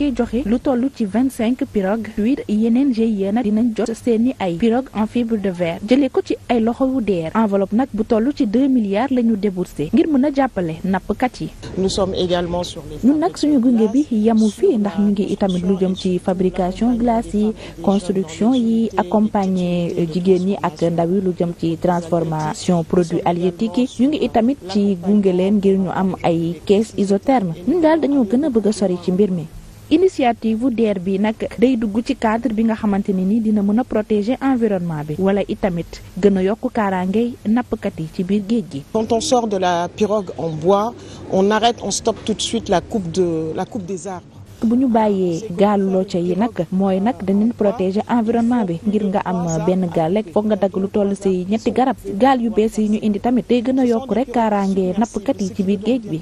njëkkee joxe lu toll ci vingt cinq pirogue huit yeneen GIE nag dinañ jot seeni ay pirogue en fibre de jëlee ko ci ay loxo wu deer enveloppe nag bu toll ci deux milliards la ñu déboursé ngir mën a jàppale nappkat yi. ñun nag suñu gunge bi yamu fii ndax mu ngi itamit lu jëm ci fabrication glace yi construction yi accompagner euh, jigéen ñi ak ndaw lu jëm ci transformation produits halieutiques yi ñu ngi itamit ci gunge leen ngir ñu am ay caisse isoterme ñun daal dañoo gën a bëgg a sori ci mbir mi. initiative bu DER bi nag day dugg ci cadre bi nga xamante ne ni dina mën a protéger environnement bi wala itamit gën a yokk kaaraangey nappkat yi ci biir géej gi. Quand on de la pirogue en bois on arrête la coupe la coupe bu ñu bàyyee gaalu locca yi nag mooy nag dañu protéger environnement bi ngir nga am benn gaal rek nga dagg lu toll si ñetti garab gaal yu bees yi ñu indi tamit day gën a yokk rek kaaraange nappkat yi ci biir géej bi.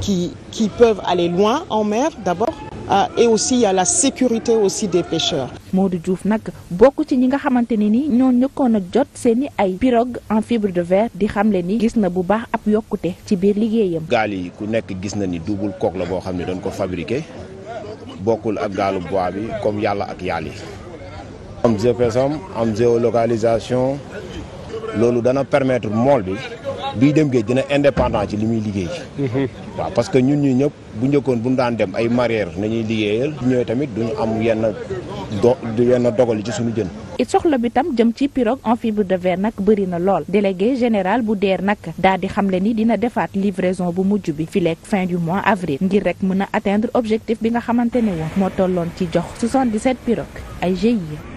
qui, qui peuvent aller loin en mer d'abord euh, et aussi à sécurité aussi des moo Modou juuf nag bokk ci ñi nga xamante ne ni ñoo ñëkkoon a jot seen i ay pirogue en fibre de verre di xamle ni gis na bu baax ab yokkute ci biir liggéeyam. gaal yi ku nekk gis na ni duubul koog la boo xam ne dañ ko fabriqué bokkul ak gaalu bois bi comme yàlla ak yàlla yi. am GPS am am géolocalisation loolu dana permettre mool bi. bii dem géej dina indépendant ci li muy liggéey. Mhm. waaw parce que ñun ñu ñëpp bu njëkkoon bu ñu daan dem ay mareyeur nañuy liggéeyal ñooy tamit du duñu am yenn do yenn dogal ci suñu jën. soxla bi tam jëm ci pirogue en fibre de verre nag bëri na lool délégué général bu deer nag daal di xamle ni dina defaat livraison bu mujj bi fileeg fin du mois avril ngir rek mën a atteindre objectif bi nga xamante ne woon moo tolloon ci jox 77 pirogue ay GIE.